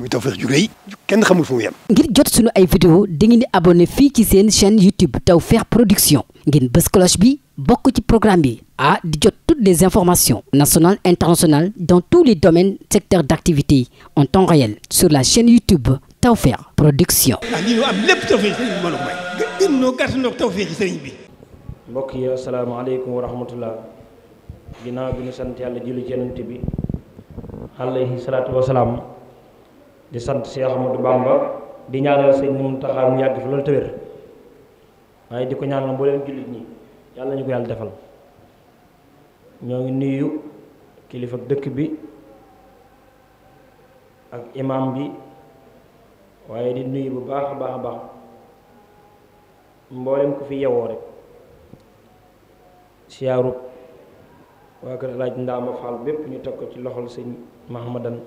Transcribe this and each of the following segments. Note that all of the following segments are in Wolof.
muy Tawfekh ju rëy ngir jot sunu ay vidéo dangeen di abonné fii ci seen chaîne YouTube Tawfekh Production ngeen bës cloche bi bokk ci programme bi a di jot toutes les informations nationales internationales dans tous les domaines secteurs d'activité en temps réel sur la chaîne YouTube Tawfekh Production. ah lii ñu am lépp Tawfekh sëriñ bi mën a may. gën gën ñoo gàtt ñoo Tawfekh sëriñ bi. mbokk yi asalaamaaleykum wa rahmatullah ginnaaw bi ñu sant di sant Cheikh Ahmadou Bamba di ñaanal sëñ Muntaxa mu yàgg fi loolu tëwér waaye di ko ñaanal mbooleem jullit ñi yàlla ñu ko yàlla defal ñoo ngi nuyu kilifa dëkk bi ak imaam bi waaye di nuyu bu baax a baax a baax mboolem ku fi yewoo rek siyaaru waa kër Alaaji Ndaama Fall bépp ñu teg ko ci loxol sëñ Mahamadan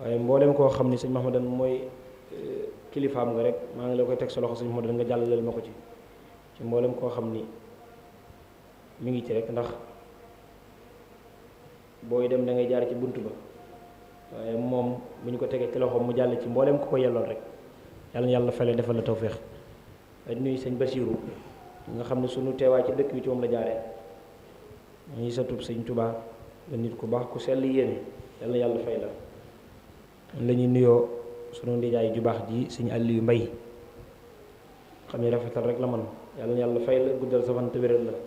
waaye mbooleem koo xam ni sëñ Mahmadan mooy eh, kilifaam nga rek maa ngi la koy teg sa loxo sëñ Mahmadan nga jàllaleel ma ko ci ci mboolem koo xam ni mu ngi ci rek ndax booy dem dangay ngay jaar ci bunt ba waaye moom bu ñu ko tegee ci loxoom mu jàll ci mbooleem ku ko yelloon rek yàlla na yàlla fale defal la tawféex ay nuyu sëñ Basiiru nga xam ne sunu teewaay ci dëkk bi ci moom la jaaree ñuy satub sëñ Tubaa la nit ku baax ku sell yéen yàlla na yàlla fay la la ñuy nuyoo sunu ndijaay ju baax ji suñu àll yu mbay xam ne rafetal rek la man yàlla yàlla fay la guddal sa fan te wéral la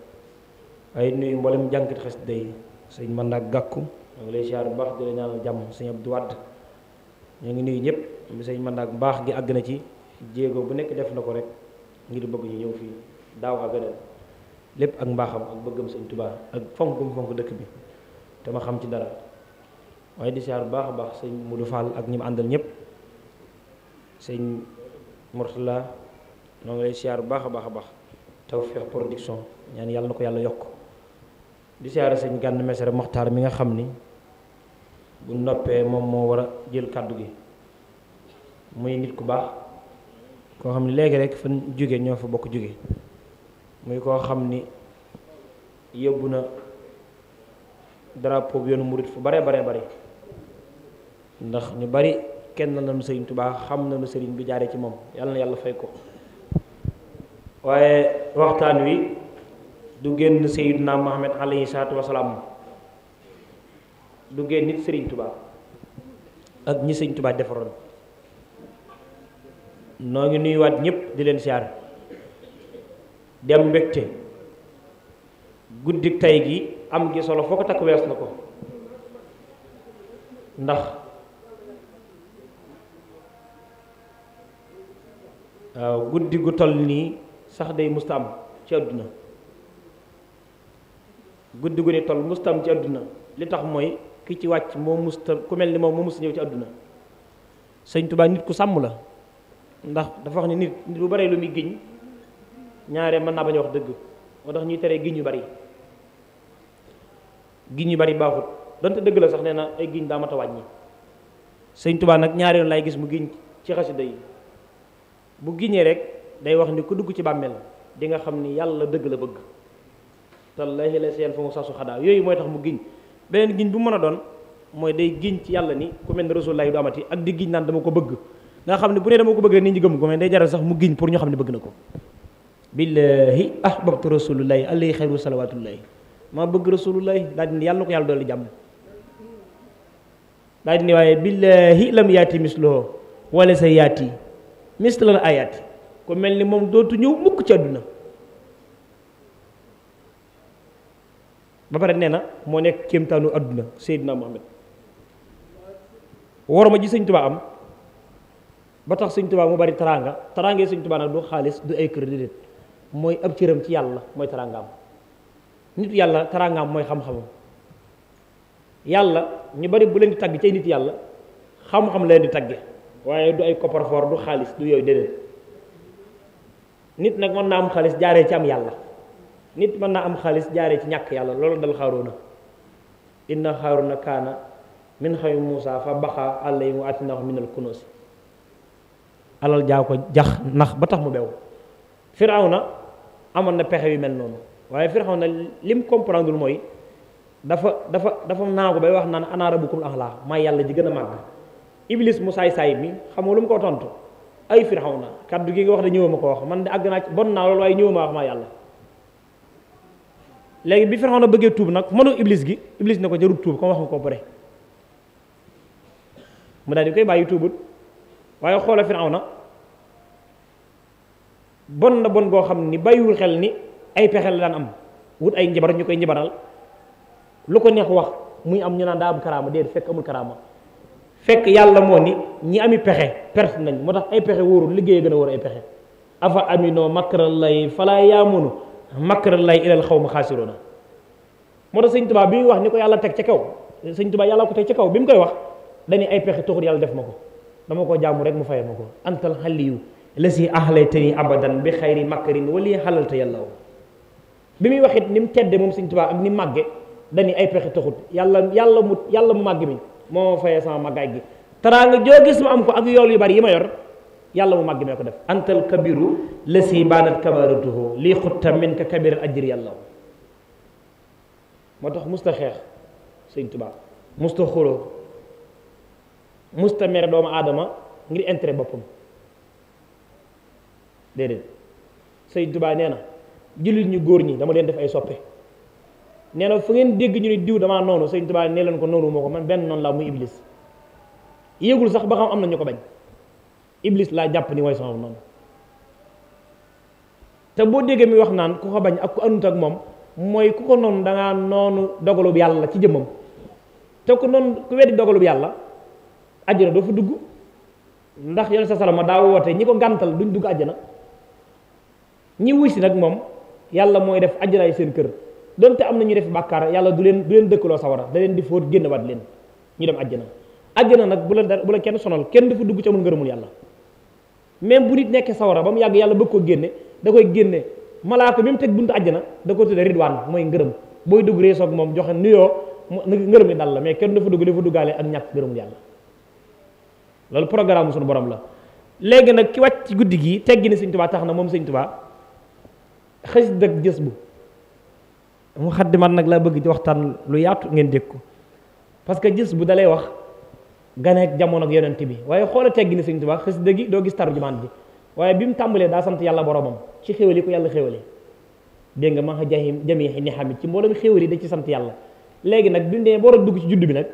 ay nuyu mboolem jànkit xasida yi sëñ mën naa gàkku ñu ngi lay siyaar bu baax di la ñaanal jàmm sëñ Abdou Wade ñu ngi nuyu ñëpp bi sëñ mën baax gi àgg na ci jéego bu nekk def na ko rek ngir bëgg ñu ñëw fii daaw ak ren lépp ak mbaaxam ak bëggam sëñ Tuubaa ak fonk gum fonk dëkk bi te ma xam ci dara waaye di siyaar bu baax a baax sëñ Modou fàll ak ñi mu àndal ñëpp sëñ Mourtala ñoo ngi lay siyaar bu baax a baax a baax Tawfekh Production ñaan yàlla na ko yàlla yokk di siyaare sëñ Gana Messere Mokhtar mi nga xam ni bu noppee moom moo war jël kàddu gi muy nit ku baax koo xam léegi rek fan jóge ñoo fa bokk jóge muy koo xam ni yóbbu na drapeau bi yoonu murit fu bare bare bare ndax ñu bari kenn nañu sëriñ Tubaa xam na nañu sëriñ bi jaare ci moom yàlla na yàlla fay ko waaye waxtaan wi du génn Seydina Muhammad alayhi salaatu wasalaam du génn nit sëriñ Tubaa ak ñi sëriñ Tubaa defaroon noo ngi nuyuwaat ñépp di leen siyaar dem mbégte guddi tay gi am gi solo foo ko takk wees na ko ndax waaw guddi gu toll nii sax day musta am ci àdduna guddi gu ni toll musta li tax mooy ki ci wàcc moo musta ku mel ni moom moo musta ñëw ci àdduna sëñ Tuubaa nit ku sàmm la ndax dafa wax ne nit nit bu baree lu muy giñ ñaare mën naa bañ wax dëgg moo tax ñuy teree giñ yu bari giñ yu bari baaxut donte dëgg la sax nee na ay giñ daa mat a wàññi sëñ Tuubaa nag ñaari yoon laay gis mu giñ ci si yi bu giñee rek day wax ni ku dugg ci bàmmeel di nga xam ni yàlla dëgg la bëgg tallaahi la seen fa mu sasu xadaa yooyu mooy tax mu giñ beneen giñ bu mën a doon mooy day giñ ci yàlla ni ku mel ne rasulullaahi du amati ak di giñ naan dama ko bëgg nga xam ne bu dee dama ko bëgg nit ñi gëm ko mais day jaral sax mu giñ pour ñu xam ne bëgg na ko billaahi ahbabtu rasulullaahi alayhi xayru salawaatullaahi maa bëgg rasulullaahi daa dini yàlla na yàlla dolli jàmm daa dini waaye billaahi lam yaati misluhu wala sa mislal ayat ku mel ni moom dootu ñëw mukk ci àdduna ba pare nee na moo nekk kéemtaanu àdduna Seydina Muhammad war ma ji sëñ Tuubaa am ba tax sëñ Tuubaa mu bari taraanga taraangee sëñ Tuubaa nag du xaalis du ay kër déedéet mooy ab cëram ci yàlla mooy taraangaam nit yàlla taraangaam mooy xam-xamam yàlla ñu bari bu leen di tagg cay nit yàlla xam-xam leen di tagge waaye du ay coffre du xaalis du yooyu déedéet nit nag mën naa am xaalis jaaree ci am yàlla nit mën naa am xaalis jaare ci ñàkk yàlla loolu dal xaaruna inna xaaruna kaana min xawi Muusa fa baxaa àllayhi wa aataynahu minal kunuuzi alal jaa ko jax nax ba tax mu bew na amoon na pexe yu mel noonu waaye na lim comprendre mooy dafa dafa dafa naagu bay wax naan ana rabbukumul a'laa may yàlla ji gën a màgg iblis mu saay-saay bi xamoo lu mu ko tontu ay firawna kaddu gi nga wax de ñëwama ko wax man de àgg naa bon naa loolu waaye ñëwama wax maa yàlla léegi bi firawna bëggee tuub nag mënu iblis gi iblis ne ko jarut tuub comme wax nga ko bëre mu daal di koy bàyyi tuubut waaye xoola firawna bon na bon goo xam ni bàyyiwul xel ni ay pexe la daan am wut ay njabar ñu koy njabaral lu ko neex wax muy am ñu naan daa am karaama déet fekk amul fekk yàlla moo ni ñi ami pexe perte nañ moo tax ay pexe wóorul liggéey gën a wóor ay pexe afa aminoo makral lay falaa yaamunu makral lay ilal xaw ma xaasiroona moo tax sëñ tubaa bi muy wax ni ko yàlla teg ci kaw sëñ tubaa yàlla ko teg ci kaw bi mu koy wax dañu ay pexe taxul yàlla def ma ko dama ko jaamu rek mu faye ma ko antal xaliyu la si ahlaytani abadan bi xayri makkarin wali xalalta yàlla wo bi muy wax it ni mu tedde moom sëñ tubaa ak ni màgge dañu ay pexe taxut yàlla yàlla mu yàlla mu màgg mi moo fayee sama màggaay gi teraanga joo gis ma am ko ak yool yu bari yi ma yor yàlla mu màgg mee ko def antal kabiru lesi baanat kabaratuhu lii xutta min ka kabiral ajri yàlla moo tax musta xeex sëñ Tuubaa musta xuloo musta mere doomu aadama ngir intérêt boppam léegi sëñ Tuubaa nee na jullit ñu góor ñi dama leen def ay soppe nee na fu ngeen dégg ñu ne diw damaa noonu sëñ Tuubaa nee leen ko noonu moo ko man benn noonu laa muy iblis yéegul sax ba xam am na ñu ko bañ iblis laa jàpp ni way sama noonu te boo déggee mi wax naan ku ko bañ ak ku àndut ak moom mooy ku ko noonu dangaa noonu dogalub yàlla ci jëmmam te ku noonu ku weddi dogalub yàlla àjjana doo fa dugg ndax yoon sa ma daa woote ñi ko gàntal duñ dugg àjjana ñi wuy si nag moom yàlla mooy def àjjanaay seen kër donte am na ñu def bàkkaar yàlla du leen du leen sawara da leen di fóot génn waat leen ñu dem àjjana àjjana nag bu leen la bu la kenn sonal kenn dafa dugg ci amul ngërëmul yàlla même bu nekkee sawara ba mu yàgg yàlla bëgg ko génne da koy génne malaaka bi mu teg buntu àjjana da ko tudde ridwaan mooy ngërëm booy dugg reesoog moom joxe nuyoo ngërëm li dal la mais kenn dafa dugg dafa duggaale ak ñàkk ngërëmul yàlla loolu programme suñu borom la léegi nag ki wàcc ci guddi gii teggi ni sëñ tubaa tax na moom sëñ tubaa xës dëgg gës bu mu xaddimat nag laa bëgg ci waxtaan lu yaatu ngeen dégg ko parce que gis bu dalay wax ganeek jamono ak yonent bi waaye xoola teggi ni Sëñ Tuubaa xasida dëgg doo gis tarjumaan bi waaye bi mu tàmbalee daa sant yàlla boromam ci xéwal yi ko yàlla xéwalee dégg nga maa jaxi jamii ni xamit ci mboolem xéwal yi da ci sant yàlla léegi nag bi mu demee boor a dugg ci juddu bi nag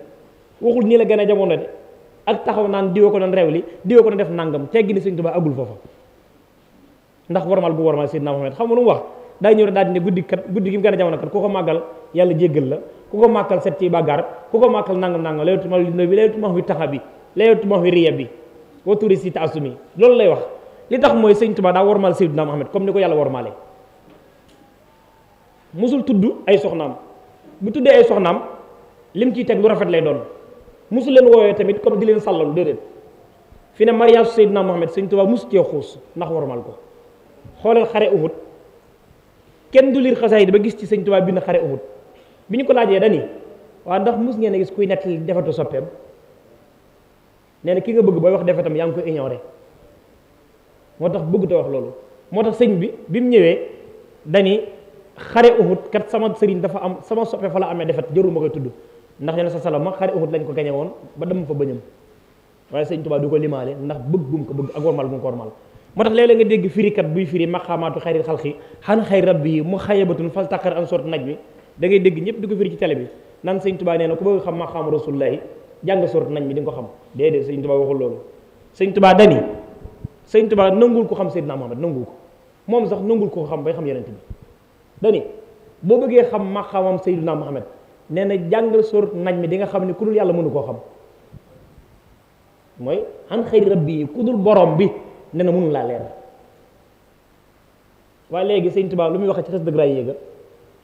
waxul nii la gane jamono de ak taxaw naan diwa ko doon reew li diwa ko doon def nangam teggi ni Sëñ Tuubaa agul foofa ndax warmal bu warmal Seydina Muhammad xam nga nu mu wax day ñëw rek daal di ne guddi kat guddi gi mu gën a jamono kat ku ko màggal yàlla jéggal la ku ko màggal set ci bàggaar ku ko màggal nangam nangam laylatul mawlid nabi laylatul mahwi taxa bi laylatul mahwi riya bi wa turi si loolu lay wax li tax mooy sëñ Tuubaa daa wormaal Seydina Muhammad comme ni ko yàlla wormaale musul tudd ay soxnaam bu tuddee ay soxnaam lim ciy teg lu rafet lay doon musul leen woowee tamit comme di leen sàllalu déedéet fi ne mariage Seydina Muhammad sëñ Tuubaa musu cee xuus ndax wormaal ko xoolal xare Uhud kenn du liir xasaayid ba gis ci sëñ Tuubaa bind xare Uhud bi ñu ko laajee dani waaw ndax mus ngeen a gis kuy nettali defatu soppeem nee na ki nga bëgg booy wax defetam yaa ngi koy ignoré moo tax bëgg te wax loolu moo tax sëñ bi bi mu ñëwee dani xare Uhud kat sama sëriñ dafa am sama soppe fa la amee defet jëruma koy tudd ndax nee na sa salama xare Uhud lañ ko gañe woon ba dem fa bëñam waaye sëñ Tuubaa du ko limaale ndax bëgg gum ko bëgg ak warmal gum ko warmal moo tax léeg-léeg nga dégg firikat buy firi maqaamaatu xayril xalqi xan xay rabbi yi mu xayabatun fal taqar an sort naj bi da ngay dégg ñëpp di ko firi ci télé bi naan sëñ tubaa nee na ku bëgg xam maqaam rasulullahi jàng sort naj mi di ko xam déedéet sëñ tubaa waxul loolu sëñ tubaa dani sëñ tubaa nangul ko xam seydina Muhammad nangul ko moom sax nangul ko xam bay xam yenente bi dani boo bëggee xam maqaamam seydina Muhammad nee na jàngal sort nañ mi di nga xam ne ku dul yàlla mënu koo xam mooy an xayri rabbi yi ku dul borom bi ne na laa leer waaye léegi sëñ Tuubaa lu muy waxee ci xes dëgg raay yéega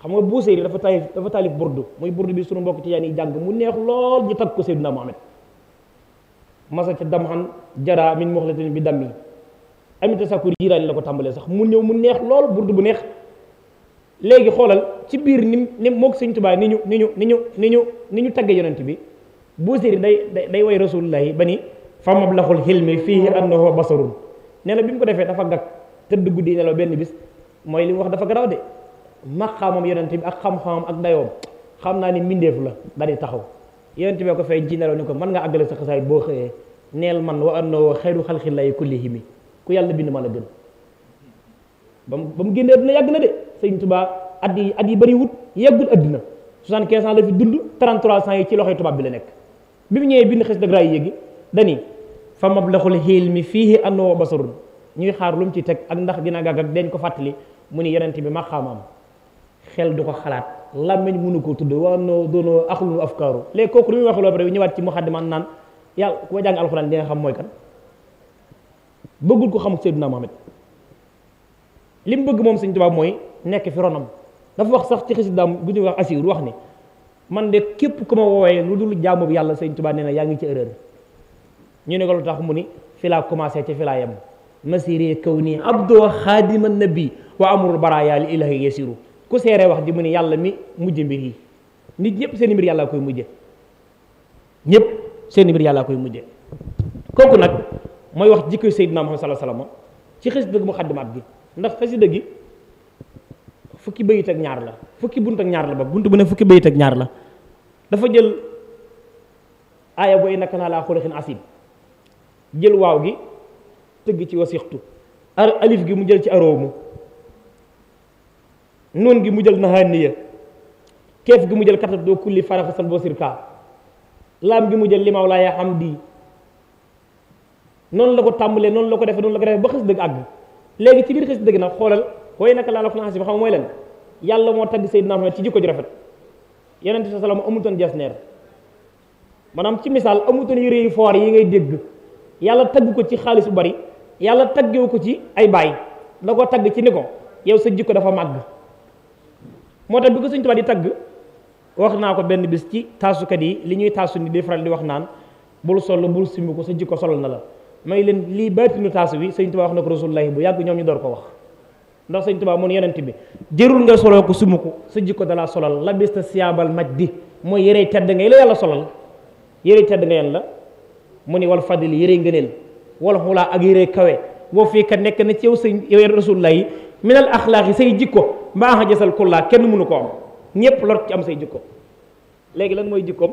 xam nga Buuseyri dafa taalif dafa taalif burdu muy burdu bi suñu mbokk ci yaani jàng mu neex lool ñu tag ko Seydina Muhammad masa ca dam xan jara min muxlatin bi dam yi amita sakur jiiraani la ko tàmbalee sax mu ñëw mu neex lool burdu bu neex léegi xoolal ci biir ni ni moog sëñ ni ñu ni ni ñu ni ñu ni ñu taggee yonent bi Buuseyri day day way rasulullahi ba ni fa mablaxul xilmi fiihi annahu basarun ne bi mu ko defee dafa gag tëdd guddi nelaw benn bis mooy li mu wax dafa garaw de maqaamam yonente bi ak xam-xamam ak dayoom xam naa ni mbindeef la daal taxaw yonente bee ko feeñ ci nelaw ni ko mën nga àggale sa saay boo xëyee neel man wa annoo xayru xalqi llaahi kullihim ku yàlla bind ma la gën ba mu ba mu génnee adduna yàgg na de sëñ tubaa at yi at yi bëri wut yàggul adduna soixante-quinze ans la fi dund 33 ans yi ci loxo tubaab bi la nekk ñëwee bind xes dëgg raay yéegi dani fa mablaxul xiil mi fii annahu basarun ñuy xaar lu mu ci teg ak ndax dina gàgg ak dañ ko fàttali mu ni yonent bi maqaamam xel du ko xalaat làmmiñ mënu ko tudd wa no doonoo axlunu afkaaru léegi kooku lu muy ñëwaat ci muxaddimaan naan yàlla ku ma jàng alxuraan xam mooy kan bëggul ko xam Seydina Muhammad li mu bëgg moom Sëñ Tuubaa mooy nekk fi ronam dafa wax sax ci xasidaam gu ñuy wax asiir wax ni man de képp ku ma woowee lu dul jaamu bi yàlla Sëñ Tuubaa nee na yaa ngi ci erreur ñu ne ko tax mu ni fi laa commencé ci fi laa yem masiri kaw nii abdoo xaadima nabi wa amrul baraaya li ilahi yasiru ku seere wax ji mu ni yàlla mi mujj mbir yi nit ñëpp seen mbir yàlla koy mujje ñëpp seen mbir yàlla koy mujje kooku nag mooy wax jikko Seydina Muhammad sallallahu alayhi wasallam ci xasida gi muqaddimaat gi ndax xasida gi fukki bayit ak ñaar la fukki bunt ak ñaar la ba bunt bu ne fukki bayit ak ñaar la dafa jël aaya booy naka naa laa xulaxin jël waaw gi tëgg ci wasixtu alif gi mu jël ci aroomu noon gi mu jël nahaaniya keef gi mu jël katat doo kulli farafasan boo sirka laam gi mu jël limaw laa yaa xam di noonu la ko tàmbalee noonu la ko defee noonu la ko defee ba xës dëgg àgg léegi ci biir xës dëgg nag xoolal koy naka laa la ko naxas bi xam mooy lan yàlla moo tagg Seydina na ci jikko ju rafet yeneen sa salaam amutoon jasneer maanaam ci misaal amutoon yére yu foor yi ngay dégg yàlla tagg ko ci xaalis bu bari yàlla taggewu ko ci ay baay da ko tagg ci ni ko yow sa jikko dafa màgg moo tax bi Sëñ Tuubaa di tagg wax naa ko benn bis ci taasukat yi li ñuy taasu ni di faral di wax naan bul sol bul simmi ko sa jikko sol na la may leen lii baatinu taasu bi Sëñ Tuubaa na ko rasulullahi bu yàgg ñoom ñu door ko wax ndax Sëñ Tuubaa mun yonent bi jërul nga soloo ko sumu ko sa jikko dalaa solal la bis ta siyaabal maj di mooy yërey tedd ngay la yàlla solal yërey tedd nga yan la mu ni wal fadli yëree ngëneel wal xulaa ak yëree kawe boo fii kat nekk na ci yow say yow yéen rasulullah yi minal axlaaq yi say jikko mbaax xa jasal kullaa kenn mënu ko am ñëpp lor ci am say jikko léegi lan mooy jikkoom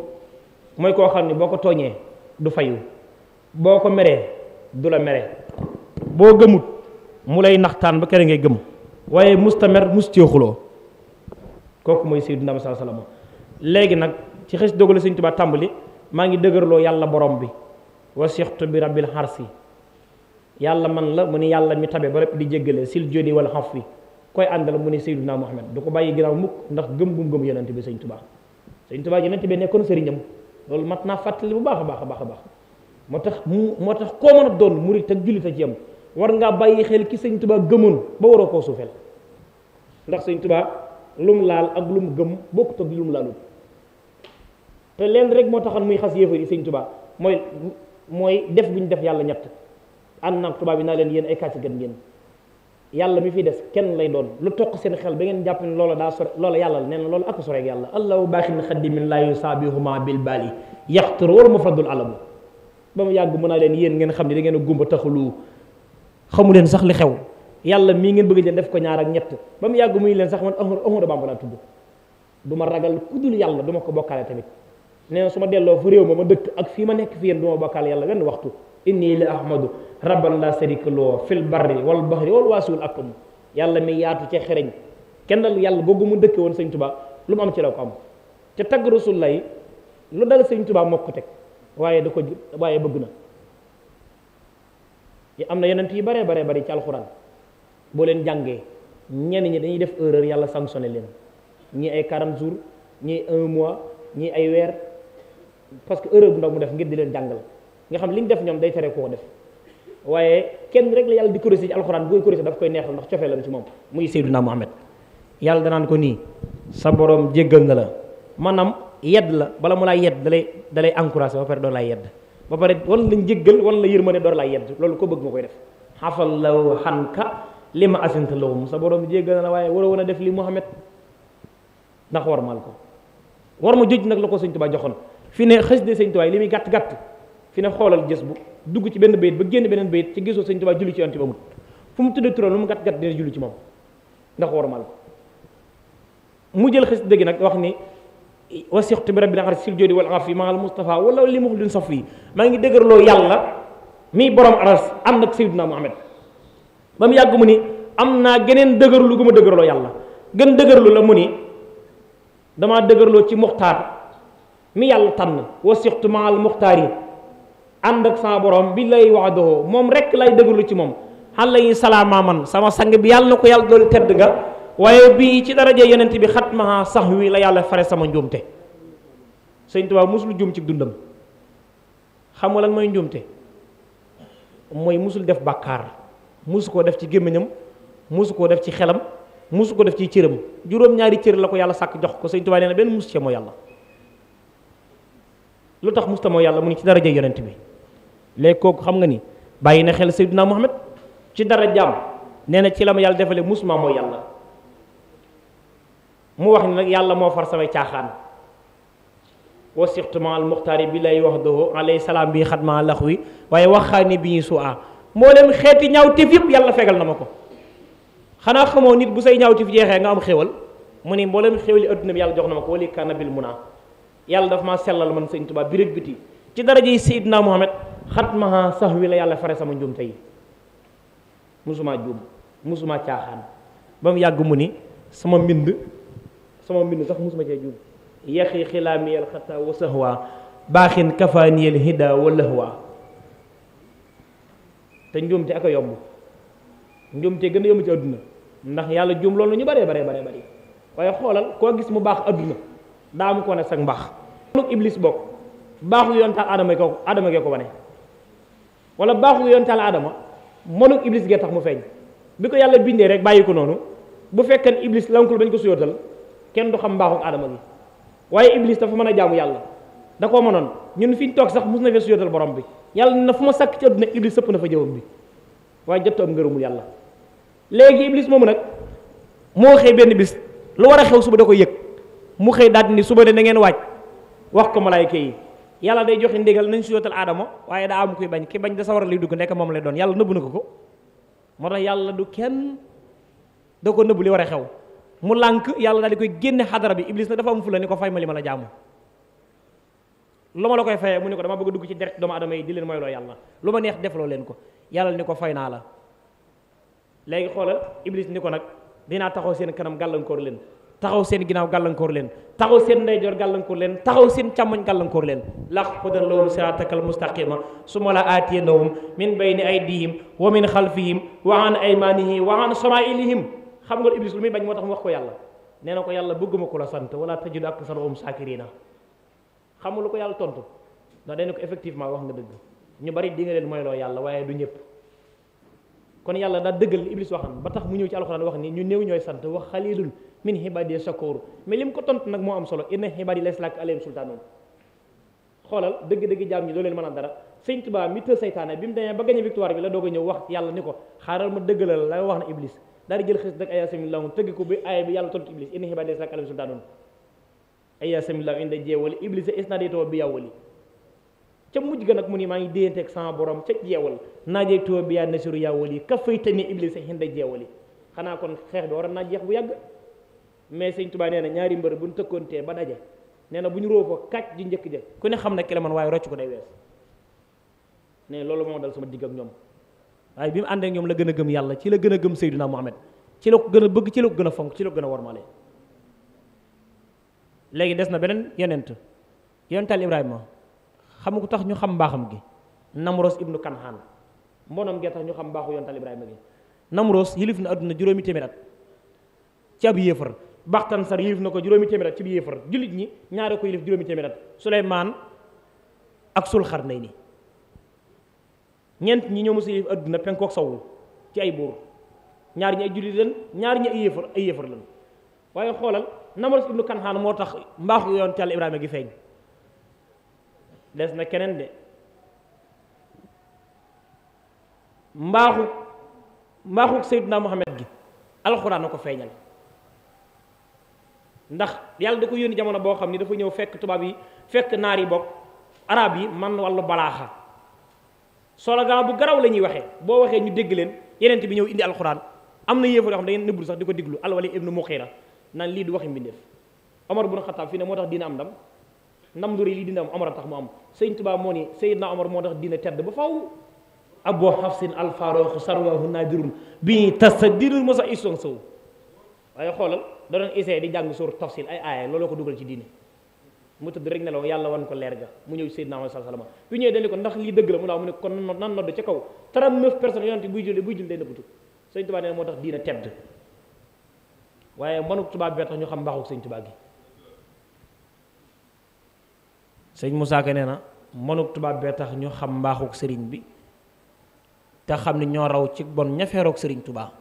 mooy koo xam ne boo ko tooñee du fayu boo ko meree du la mere boo gëmut mu lay naxtaan ba kere ngay gëm waaye mustamer musteexuloo kooku mooy Seydina Muhammad sallallahu alayhi wa léegi nag ci xës dogalu Sëñ Tuubaa tàmbali maa ngi dëgërloo yàlla borom bi wasixtu bi rabbil xarsi yàlla man la mu ne yàlla mi tabe ba rëpp di jéggale sil jodi wala xaf wi koy àndal mu ni Seydina Muhammad du ko bàyyi ginnaaw mukk ndax gëm gum gëm yonent bi sëñ Tuubaa sëñ Tuubaa yonent bi nekkoon sëriñam loolu mat naa fàttali bu baax a baax a baax a baax moo tax mu moo tax koo mën a doon murit ak jullit a ci yam war ngaa bàyyi xel ki sëñ Tuubaa gëmoon ba waroo koo suufeel ndax sëñ Tuubaa lum laal ak lum gëm bokkut ak lum laalul te leen rek moo taxoon muy mooy def bu ñu def yàlla ñett ànd na tubaab yi naa leen yéen ay kàcc gën ngeen yàlla mi fi des kenn lay doon lu toq seen xel ba ngeen jàpp ne loola daa sore loola yàlla la nee na loola ak sore ak yàlla allahu baaxin xaddimin laa yusaabihuma bil baali yaxtur wal mufradul alamu ba mu yàgg mu naa leen yéen ngeen xam ne da ngeen a gumba taxalu xamu leen sax li xew yàlla mii ngeen bëgg jël def ko ñaar ak ñett ba mu yàgg muy leen sax man ahmadu ahmadu bamba laa tudd du ma ragal ku dul yàlla du ko bokkaale tamit ne su ma delloo fu réew ma ma dëkk ak fii ma nekk fi yéen du ma bokkaal yàlla wenn waxtu inni la ahmadu rabban la sharika lahu fil barri wal bahri wal waasiul akram yàlla mi yaatu ca xereñ kenn yàlla googu mu dëkke woon sëñ tubaa lu mu am ci la ko am te tagg rasul lay lu dal sëñ tubaa moo ko teg waaye da ko waaye bëgg na am na yonent yi bare bare bari ci alxuraan boo leen jàngee ñenn ñi dañuy def erreur yàlla sanctionné leen ñii ay 40 jours ñii ñii ay weer parce que erreur bu mu def ngir di leen jàngal nga xam li ñu def ñoom day tere koo def waaye kenn rek la yàlla di corriger ci alxuraan bu koy corriger daf koy neexal ndax cofeelam ci moom muy yàlla danaan ko nii sa borom jéggal na la maanaam yedd la bala mu laay yedd dalay dalay encouragé ba pare door laay yedd ba pare wan la njéggal wan la yërmande door laay yedd loolu ko bëgg koy def xafal law xanka li ma asanta lahum sa borom jéggal na la waaye waroo woon a def li Muhammad ndax war maal ko war ma joj nag la ko Sëñ Tuubaa joxoon fi ne xës de sëñ tubaay li muy gàtt gàtt fi ne xoolal gës bu dugg ci benn bayit ba génn beneen bayit ci gisoo sëñ tubaay julli ci yonte ba mut fu mu tuddee turam lu mu gàtt gàtt dina julli ci moom ndax warmal mu jël xës dëggi nag wax ni wasixtu bi rabbil arsi sil joodi wal arfi maa al mustafa wala li mux lin saf yi maa ngi dëgërloo yàlla mii borom aras am ak sayyidina muhammad ba mu yàgg mu ni am naa geneen dëgërlu gu ma dëgërloo yàlla gën dëgërlu la mu ni damaa ci muxtaar mi yàlla tànn wasixtu ma al muxtaar yi ànd ak sama borom bi lay wax doxoo moom rek lay dëggalu ci moom xale yi salaamaa man sama sang bi yàlla na ko yàlla doolu tedd nga waaye bii ci daraja yonent bi xat sax wi la yàlla fare sama njuumte sëñ Tuubaa musul juum ci dundam xam nga lan mooy njuumte mooy musul def bàkkaar musu koo def ci gémmiñam musu koo def ci xelam musu ko def ci cëram juróom-ñaari cër la ko yàlla sàkk jox ko sëñ Tuubaa nee na benn mus ci yàlla lu tax musta moo yàlla mu ni ci daraja yonent bi léegi kooku xam nga ni bàyyi na xel Seydina Muhammad ci dara jaam nee na ci la ma yàlla defale musuma mooy yàlla mu wax ni nag yàlla moo far samay caaxaan wasixtuma al muxtaari bi lay wax doo alay salaam bi xatma lax wi waaye waxaani bi ñuy su a moo dem xeeti ñaaw tif yëpp yàlla fegal na ma ko xanaa xamoo nit bu say ñaaw tif jeexee nga am xéwal mu ni mboolem xéwali adduna bi yàlla jox na ma ko wali kanabil munaa yàlla dafa ma sellal man sëñ Tuubaa bi biti ci daraja yi Seydina Muhammad xat ma sax wi la yàlla fare sama njuumte yi musumaa juum musumaa caaxaan ba mu yàgg mu ni sama mbind sama mbind sax musuma cee juum yaxi xilaamiyal xataa wa sahwa ak a yomb njuumte gën a yomb ci àdduna ndax yàlla juum loolu ñu bare bare bare bare waaye xoolal koo gis mu baax àdduna daa mu ko wane sag mbaax lu iblis bokk baaxu yontaal adama ko adama gee ko wane wala baaxu yontaal adama mënu iblis gee tax mu feeñ bi ko yàlla bindee rek bàyyi ko noonu bu fekkee iblis lankul bañ ko suyootal kenn du xam mbaaxu adama gi waaye iblis dafa mën a jaamu yàlla da koo mënoon ñun fi ñu toog sax mus na fee suyootal borom bi yàlla na fu ma sàkk ci àdduna iblis sëpp na fa jëwam bi waaye jot am ngërëmul yàlla léegi iblis moomu nag moo xëy benn bis lu war suba da koy yëg mu xëy daat ni suba de na ngeen waaj wax ko malaayka yi yàlla day joxe ndigal nañ sujootal aadama waaye daa am kuy bañ ki bañ da sawara liy dugg nekk moom lay doon yàlla nëbbu na ko ko moo tax yàlla du kenn da ko nëbbu li war a xew mu lànk yàlla daal di koy génne xadara bi iblis na dafa am fula ni ko fay ma li ma la jaamu lu ma la koy fayee mu ne ko dama bëgg dugg ci deret doomu yi di leen mooy loo yàlla lu ma neex defloo leen ko yàlla ni ko fay naa la léegi xoolal iblis ni ko nag dinaa taxaw seen kanam gàllankoor leen taxaw seen ginnaaw gàllankoor leen taxaw seen ndeyjoor gàllankoor leen taxaw seen càmmoñ gàllankoor leen laxfadan lahum siraatakal mustaqima summa la aatiyannahum min bayni aydihim wa min xalfihim wa an aymanihim wa an samaa'ilihim xam nga iblis lu muy bañ moo tax mu wax ko yàlla nee na ko yàlla bëgguma ko la sant wala tajidu aksarahum saakiriina xam nga lu ko yàlla tontu ndax dañ ko effectivement wax nga dëgg ñu bari di leen mooy loo yàlla waaye du ñëpp kon yàlla daa dëggal iblis waxam ba tax mu ñëw ci alxuraan wax ni ñu néew ñooy min xibaadi shakoor ko tontu nag moo am solo inna xibaadi laysa laka alayhim sultaanun xoolal dëgg-dëgg jaam ñi doo leen mën a dara sëñ Tuubaa mi tëj saytaane bi mu demee ba gañe victoire bi la doog a ñëw wax yàlla ni ko xaaral ma dëggalal la wax na iblis daal di jël xis dak ayaa samillah tëgg ko bi aaya bi yàlla tontu iblis inna xibaadi laysa laka alayhim sultaanun ayaa samillah inda jeewali iblis isnadaytoo bi yàwwali ca mujj ga nag mu ni maa ngi déyanteeg sama borom ca jeewal naajee tuwa bi yaa nasiru yàwwali ka fay tani iblis hinda jeewali xanaa kon xeex bi war a naa jeex bu yàgg mais sëñ Tuubaa nee na ñaari mbër bu ñu tëkkoontee ba daje nee na bu ñu roofoo kàcc ji njëkk jë ku ne xam na keleman waaye rocc ko day wees ne loolu moo dal sama digg ak ñoom waaye bi mu àndee ñoom la gën a gëm yàlla ci la gën a gëm Seydina Muhammad ci la ko gën a bëgg ci la ko gën a fonk ci la ko gën a warmale léegi des na beneen yonent yonental Ibrahima xamu ko tax ñu xam mbaaxam gi Namros ibnu Kanhaan mbonam gee tax ñu xam mbaaxu yonental Ibrahima gi Namros yilif na àdduna juróomi téeméer at ci ab baxtan sar yilif na ko juróomi téeméer at ci bi yéefar jullit ñi ñaare ko yilif juróomi téeméer at Suleymaan ak Sulxarnayni ñeent ñi ñoo mos a yilif adduna penku ak sowwu ci ay buur ñaar ñi ay jullit lan ñaar ñi ay yéefar ay yéefar lan waaye xoolal Namar ibnu Kanhaan moo tax mbaaxu yoon teel Ibrahima gi feeñ des na keneen de mbaaxu mbaaxu Seydina Muhammad gi alxuraan na ko feeñal ndax yàlla da ko yónni jamono boo xam ni dafa ñëw fekk tubaab yi fekk naar yi bokk arab yi man wàllu balaaxa slogan bu garaw la ñuy waxee boo waxee ñu dégg leen yeneen bi ñëw indi alxuraan am na yéefar yoo xam da nëbbul sax di ko diglu alwali ibnu muqira naan lii du waxi mbindeef omar bun xataab fii ne moo tax diina am ndam ndam lu rëy lii dina am omar a tax mu am sëñ tubaab moo ni sayyidna omar moo tax diina tedd ba faw abo xafsin alfaroxu sarwahu naadirun bi tasaddirul mosa isoon sow waaye xoolal da doon essayé di jàng suur tafsil ay aaya looloo ko dugal ci diine mu tëdd rek nelaw yàlla wan ko leer ga mu ñëw Seydina naa sallallahu alayhi wasallam bi ñëwee dañ ne ko ndax lii dëgg la mu naaw mu ne kon nan nodd ca kaw 39 personnes yonente buy julli buy julli day nëbbatu sëñ Tuubaa nee moo tax diine tedd waaye manu tubaab bi tax ñu xam mbaaxu sëñ Tuubaa gi sëñ Moussa Ka nee na manuk tubaab bee tax ñu xam mbaaxuk sëriñ bi te xam ni ñoo raw ci bon ñafeerook sëriñ Tuubaa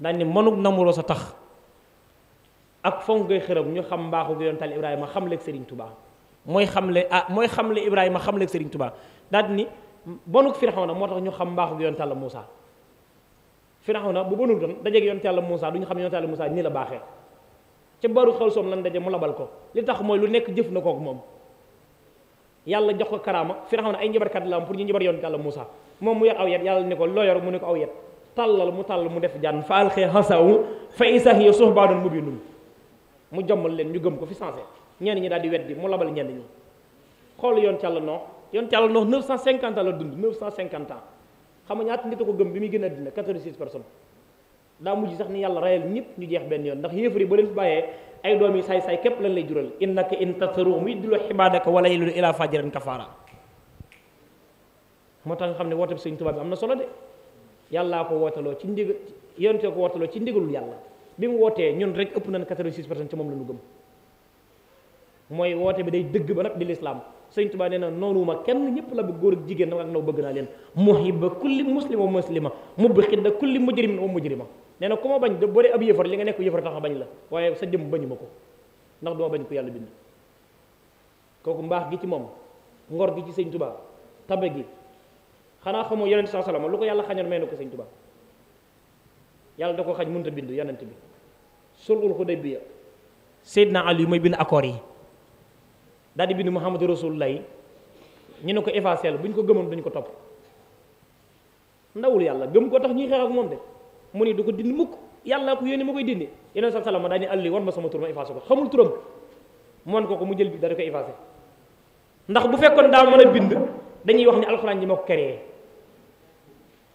dañ ne mënug namuroo sa tax ak fonk ngay xërëm ñu xam mbaaxu bi yoon tal Ibrahima xam leeg sëriñ tubaa mooy xam le ah mooy xam le Ibrahima xam leeg Serigne Touba daal ni bonug Firawna moo tax ñu xam mbaaxu bi yoon tal Moussa na bu bonul doon dajeeg yoon tal Moussa du ñu xam yoon tal Moussa nii la baaxee ca baru xel soom lan daje mu labal ko li tax mooy lu nekk jëf na kook moom yàlla jox ko karaama Firawna ay njabarkat la am pour ñu njabar yoon tal Moussa moom mu yor aw yàlla ne ko loo yor mu ne aw yet tàllal mu tàll mu def jànn fa alxee xasawu fa isahiya suhbaanun mubiinun mu jommal leen ñu gëm ko fi sensé ñenn ñi daal di weddi mu labal ñenn ñi xool yoon càll noox yoon càll noox 950 ans la dund 950 ans xam nga ñaata nit a ko gëm bi muy gën a dina 86 personnes daa mujj sax ni yàlla rayal ñëpp ñu jeex benn yoon ndax yéefar yi ba leen fi bàyyee ay doom yi saay-saay képp lan lay jural innaka in tasruhum yudillu xibaadaka wala yalidu ila fajiran kafaara moo tax nga xam ne woote bi sëñ tubaab bi am na solo de yàllaa ko wootaloo ci ndig yonte ko wootaloo ci ndigalul yàlla bi mu wootee ñun rek ëpp nañ 86 personnes ci moom la ñu gëm mooy woote bi day dëgg ba nag di lislaam sëñ Tuubaa nee na noonuwuma kenn ñëpp la bu góor ak jigéen dama ak bëgg naa leen muhibba kulli muslima wa muslima mubghida kulli mujrimin wa mujrima nee na ku ma bañ boo dee ab yëfar li nga nekk yëfar tax ma bañ la waaye sa jëm bañu ma ko ndax duma bañ ko yàlla bind kooku mbaax gi ci moom ngor gi ci sëñ Tuubaa tabe gi xanaa xamoo yonent saa salama lu ko yàlla xañoon may na ko sëñ Tuubaa yàlla da ko xañ mënut a bind yonent bi sulhul Hudaybiya Seydina Ali mooy bind accord yi daal di bind Muhammadu Rasulullah yi ñu ne ko effacé bu ñu ko gëmoon duñ ko topp yàlla gëm koo tax ñuy xeex ak moom de mu ni du ko dindi mukk yàlla ko yónni ma koy dindi yonent saa salama daal ni Ali wan ma sama tur ma effacé ko xamul turam moon ko ko mu jël bi da di ko effacé ndax bu fekkoon daa mën a bind dañuy wax ni alxuraan ji ma ko créé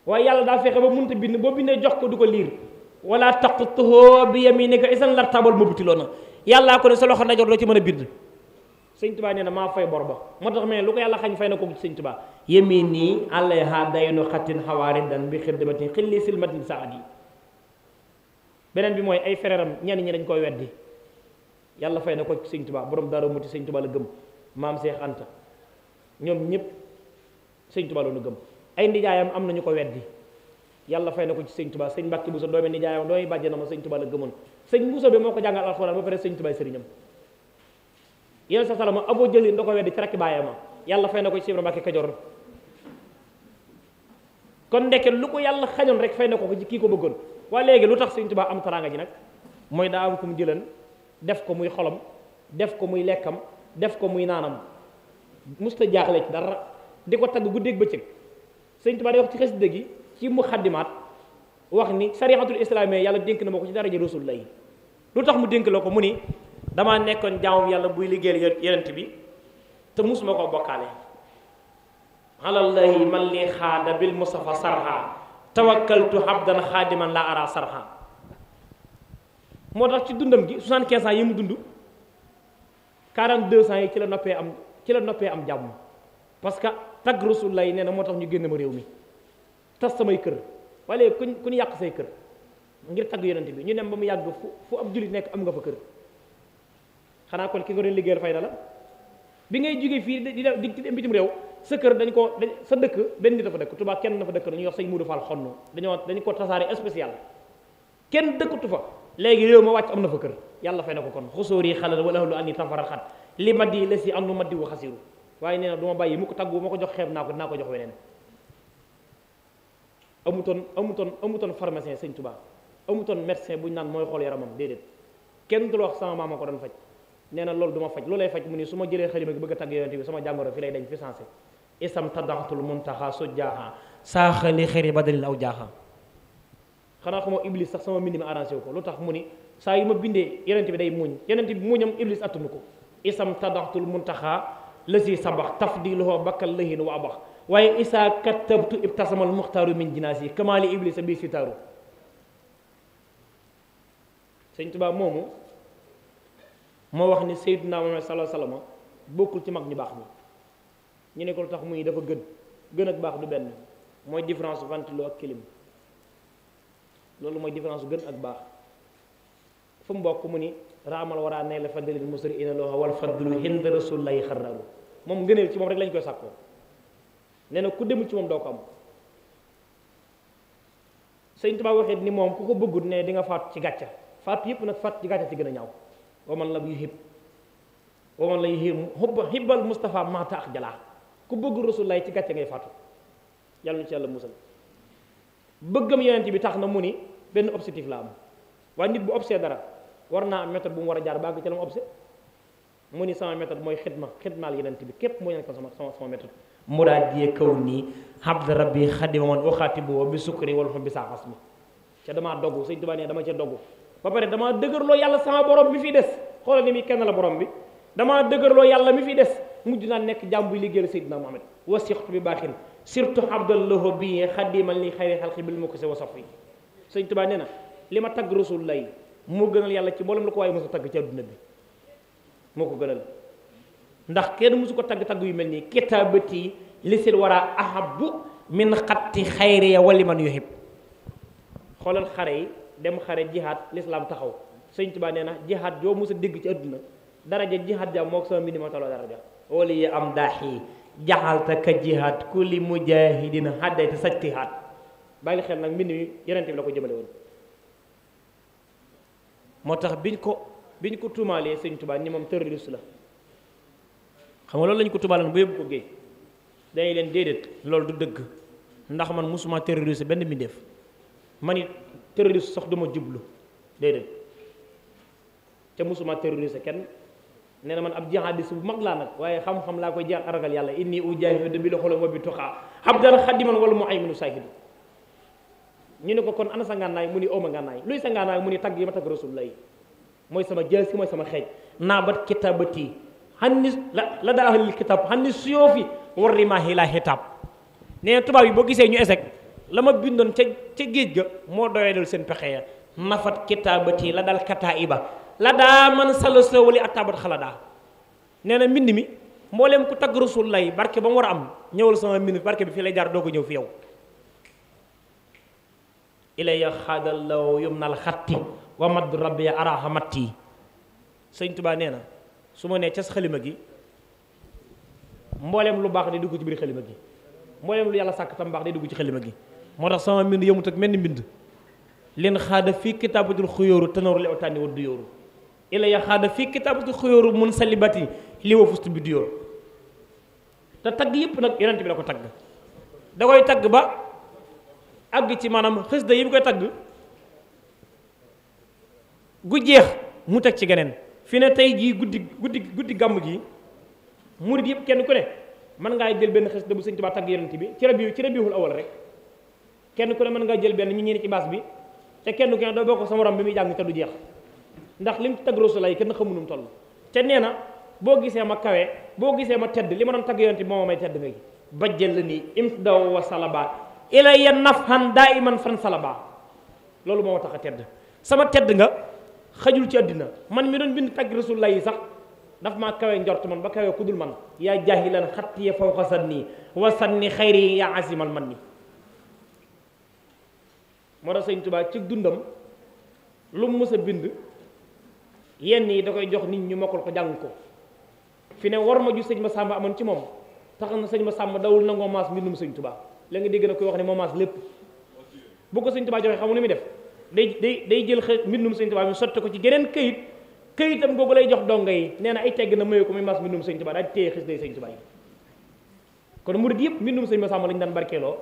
waaye yàlla daa fexe ba munta bind boo bindee jox ko du ko liir wala taqtuhu bi yaminika isan lar tabal ma buti loona yàllaa ko ne sa loxo ndajoor doo ci mën a bind sëñ tubaa nee na maa fay bor ba moo tax mais lu ko yàlla xañ fay na ko sëñ tubaa yemin nii alayha daynu xattin xawaari dan bi xidmatin xilli silmatin saadi beneen bi mooy ay fereeram ñenn ñi dañ koy weddi yàlla fay na ko sëñ tubaa borom daara muti sëñ tubaa la gëm maam see Anta ñoom ñëpp sëñ tubaa la gëm ay nijaayam am nañu ko weddi yàlla fay na ko ci sëñ Tuubaa sëñ Mbàkke Buso doomi nijaayam doomi bàjje na ma sëñ Tuubaa la gëmoon sëñ Buso bi moo ko jàngal alxuraan ba pare sëñ Tuubaa sëriñam yéen sa salama abo jëli nda ko weddi ci rakki yàlla fay na ko ci Sëñ Ibra Mbàkke Kajoor kon ndeke lu ko yàlla xañoon rek fay na ko ci kii ko bëggoon waa léegi lu tax sëñ Tuubaa am taraanga ji nag mooy daa am ku mu jëlan def ko muy xolam def ko muy lekkam def ko muy naanam musta jaaxle ci dara di ko tagg guddeeg bëccëg sëñ Tuubaa di wax ci xasida gi ci muxaddimaat wax ni sariatul islaamiyya yàlla dénk na ma ko ci daraja rasulullah lay lu tax mu dénk la ko mu ni damaa nekkoon jaamum yàlla buy liggéeyal yonent bi te musuma koo bokkaale alallahi man li xaada bil mustafa sarha tawakkaltu habdan xaadiman la ara sarha moo tax ci dundam gi 75 ans yi mu dund 42 ans yi ci la noppee am ci la noppee am jàmm parce tag rasulullah lay nee na moo tax ñu génn ma réew mi tas samay kër wala kuñ kuñ yàq say kër ngir tagg yonent bi ñu dem ba mu yàgg fu fu ab jullit nekk am nga fa kër xanaa kon ki nga doon liggéeyal fay na la bi ngay jógee fii di di ci bitim réew sa kër dañ ko sa dëkk benn nit dafa dëkk Tuubaa kenn dafa dëkk dañuy wax sëñ Muudu Fall xonn dañoo dañ ko tasaare spécial kenn dëkkatu fa léegi réew ma wàcc am na fa kër yàlla fay na ko kon xusóorii xalal wala ahlu anni tafarraxat li maddi la si annu maddi wa xasiru waaye nee na du ma bàyyi mu ko tagg ma ko jox xeeb naa ko naa ko jox weneen amutoon amutoon amutoon pharmacien sëñ Tuubaa amutoon médecin bu ñu naan mooy xool yaramam déedéet kenn du la wax sama maama ko doon faj nee na loolu du ma faj loolay faj mu ni su ma jëlee xalima gi bëgg a tagg yonent bi sama jàngoro fi lay dañ fi sensé isam tadaxtul muntaxa su jaaxa saaxali xëri ba dalil aw jaaxa xanaa xamoo iblis sax sama mbind mi arrangé wu ko lu tax mu ni saa ma bindee yonent bi day muñ yonent bi muñam iblis attunu ko isam tadaxtul muntaxa lasi sabax tafdiluhu bakkal lahin wa abax waaye isaa kattabtu ibtasama almuxtaaru min jinaas yi kamaali iblisa bii sitaaru sëñ Tuubaa moomu moo wax ni Seydina Muhammad sallallahu alayhi wa bokkul ci mag ñu baax ñi ñu ne tax mu muy dafa gën gën ak baax du benn mooy différence ventilo ak kilim loolu mooy différence gën ak baax fu mu bokk mu ni raamal war aa nay la fadlil musri ina loo wal fadlu hind rasulillahi xarraru moom ngëneel ci moom rek lañ koy sàkkoo nee na ku demul ci moom doo ko am sëñ Tuubaa waxee ni moom ku ko bëggut ne di nga faatu ci gàcca faatu yëpp nag faatu ci gàcca ci gën a ñaaw waman la yu xib waman la yu xib xubba xibbal Moustapha maata ak jalaa ku ci gàcca ngay faatu yàlla na ci yàlla musal bëggam yonent bi tax na mu ni benn objectif la am waaye nit bu obsee dara war naa am méthode bu mu war a jaar bàgg ci la mu obsé mu ni sama méthode mooy xidma xidmaal yenent bi képp mooy nekk sama sama sama méthode muraadiye kaw nii habd rabbi xadima man uxaatibu bi sukkri wala fa bi saaxas mi ca damaa dogg sëñ Tuubaa nee dama ca dogg ba pare damaa dëgërloo yàlla sama borom bi fi des xoolal ni muy kenn la borom bi damaa dëgërloo yàlla mi fi des mujj naa nekk jàmm buy liggéeyal Seydina Muhammad wasixtu bi baaxin surtout abdallahu bi xadiman li xayri xalqi bil mukisi wa safi sëñ Tuubaa nee na li ma tagg rasul lay moo gënal yàlla ci mboolem la ko waaye mosu tagg ci adduna bi moo ko gënal ndax kenn mosu ko tagg tagg yu mel nii kitaabati lisil wara ahabu min xatti xayri ya wali man yuhib xoolal xare yi dem xare jihaad lislaam taxaw sëñ Tuubaa nee na jihaad yoo mos a dégg ci àdduna daraja jihaad ja mook sama minima taloo daraja wali ya am daaxi jaxalta ka jihaad kulli mujahidin haddayta sajtihaad baa ngi xel nag mbind mi yonente bi la ko jëmale woon moo tax biñ ko biñ ko tuumaalee sëñ Tuubaa ni moom terroriste la xam nga loolu lañ ko tuumaaloon ba yóbbu ko géej dañuy leen déedéet loolu du dëgg ndax man musuma terroriste benn mbindéef man it terroriste sax duma jublu déedéet te musuma terroriste kenn nee na man ab jihadiste bu mag laa nag waaye xam-xam laa koy jaar aragal yàlla inni ujaahidu bi la xolam wa bi tuqaa abdan xadiman wala mu ay minu saahidu ñu ne ko kon ana sa ngànnaay mu ni ooma ngànnaay luy sa ngànnaay mu ni tagg yi ma tagg rasulullah yi mooy sama jël si sama xeej naabat kitabati xan la la daa ahlil kitab xan ni suyoo fi war laa xitaab nee na tubaab yi boo gisee ñu échec la bindoon ca ca géej ga moo doyadal seen pexe ya nafat kitabati la dal kataa iba la daa man sala sowali ak tabat xala daa nee na mbind mi mbooleem ku tagg rasulullah yi barke ba mu war a am ñëwal sama mbind barke bi fii lay jaar doo ko ñëw fi yow ilaya xaadal law yum nal xatti wa madd rabbi araxa matt yi sëñ tubaa nee na su ma nee cas xalima gi mbooleem lu baax day dugg ci biir xalima gi mbooleem lu yàlla sàkk tam baax day dugg ci xalima gi moo tax sama mbind yëmut ak mel ni mbind leen xaada fii kitaabatul xuyóoru tanoor li otaani wa du yóoru ilaya xaada fii kitaabatul xuyóoru mun salibati lii wa fust bi du te tagg yëpp nag yonent bi la ko tagg da koy tagg ba àgg ci maanaam xësda yi mu koy tagg gu jeex mu teg ci geneen fi ne tey jii guddi guddi guddi gàmm gi murid yëpp kenn ku ne mën ngaa jël benn xësda bu sëñ Tuubaa tagg yonent bi ci rabi ci rabiul awal rek kenn ku ne mën ngaa jël benn ñu ñeene ci baas bi te kenn ku ne doo bokk sa morom bi muy jàng te du jeex ndax lim tagg Rasul yi kenn xamunum toll te nee na boo gisee ma kawe boo gisee ma tedd li ma doon tagg yonent bi moo may tedd léegi bajjal la nii im ilayya nafhan daiman fan salaba loolu moo tax a tedd sama tedd nga xajul ci àddina man mi doon bind tagg rasulullah yi sax daf ma kawe njort man ba kawe ku dul man yaa jaahilan a fawqa sanni wa sanni xayri yaa asimal man ni moo tax sëñ Tuubaa ci dundam lu mu mës bind yenn yi da koy jox nit ñi mokkal ko jàng ko fi ne war ma ju sëñ ma sàmba amoon ci moom tax na sëñ ma sàmba dawul nangoo maas mbindum sëñ tubaa la dégg na koy wax ne moomaas lépp bu ko sëñ tubaa joxee xamu nu muy def day day day jël xë mbindum sëñ tubaa mi sotti ko ci geneen këyit këyitam googu lay jox donga yi nee na ay tegg na mayu ko muy maas mbindum sëñ tubaa daa di téye xis day sëñ tubaa yi kon murid yëpp mbindum sëñ Masamba lañu daan barkeeloo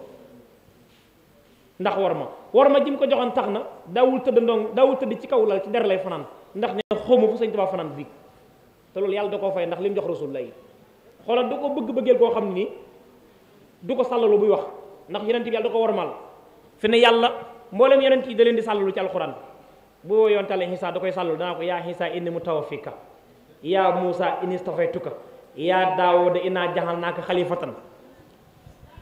ndax war ma war ma ji mu ko joxoon tax na daawul tëdd ndong daawul tëdd ci kaw lal ci der lay fanaan ndax ne xawma fu sëñ tubaa fanaan bi te loolu yàlla da koo fay ndax li mu jox rasul lay xoolal da ko bëgg-bëggeel koo xam ni du ko sàllalu buy wax ndax yonent bi yàlla da ko warmal fi ne yàlla mboolem yonent yi da leen di sàllalu ci alxuraan bu woo yontale Xiisa da koy sàllalu danaa ko yaa Xiisa inni mutawaffika yaa Muusa inni stafaytuka yaa Daawuda innaa jaxalnaaka xalifatan